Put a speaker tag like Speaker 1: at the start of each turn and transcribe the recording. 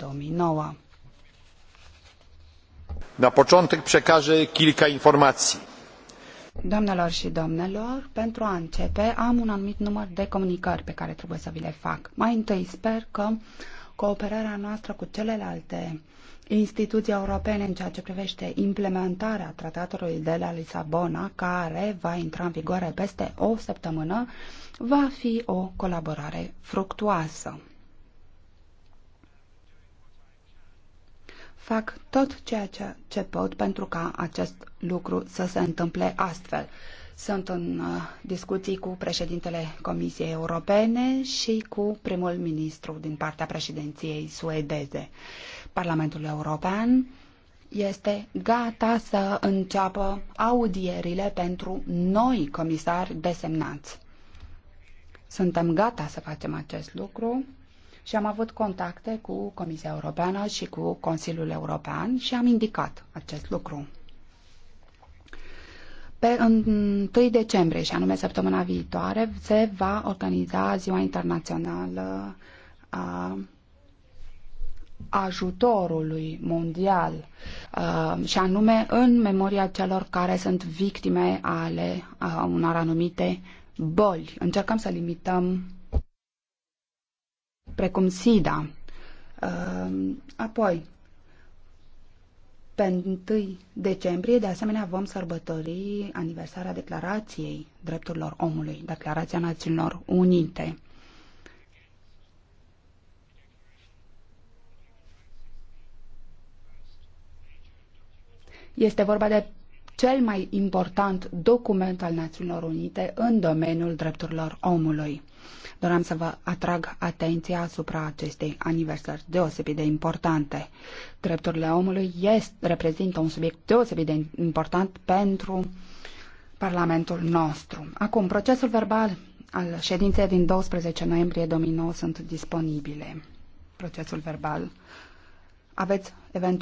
Speaker 1: 2009. Na początek przekażę kilka informacji. Doamnelor și domnilor, pentru a începe, am un anumit număr de comunicări pe care trebuie să vi le fac. Mai întâi, sper că cooperarea noastră cu celelalte instituții europene în ceea ce privește implementarea tratatului de la Lisabona, care va intra în vigoare peste o săptămână, va fi o colaborare fructuoasă. fac tot ceea ce, ce pot pentru ca acest lucru să se întâmple astfel. Sunt în uh, discuții cu președintele Comisiei Europene și cu primul ministru din partea președinției suedeze. Parlamentul European este gata să înceapă audierile pentru noi comisari desemnați. Suntem gata să facem acest lucru și am avut contacte cu Comisia Europeană și cu Consiliul European și am indicat acest lucru. Pe 1 decembrie, și anume săptămâna viitoare, se va organiza Ziua Internațională a ajutorului mondial și anume în memoria celor care sunt victime ale unor anumite boli. Încercăm să limităm precum SIDA. Ehm, apoi, pe 1 decembrie, de asemenea, vom sărbători aniversarea Declarației Drepturilor Omului, Declarația Națiunilor Unite. Este vorba de cel mai important document al Națiunilor Unite în domeniul drepturilor omului. Doream să vă atrag atenția asupra acestei aniversări deosebit de importante. Drepturile omului este, reprezintă un subiect deosebit de important pentru Parlamentul nostru. Acum, procesul verbal al ședinței din 12 noiembrie 2009 sunt disponibile. Procesul verbal. Aveți eventual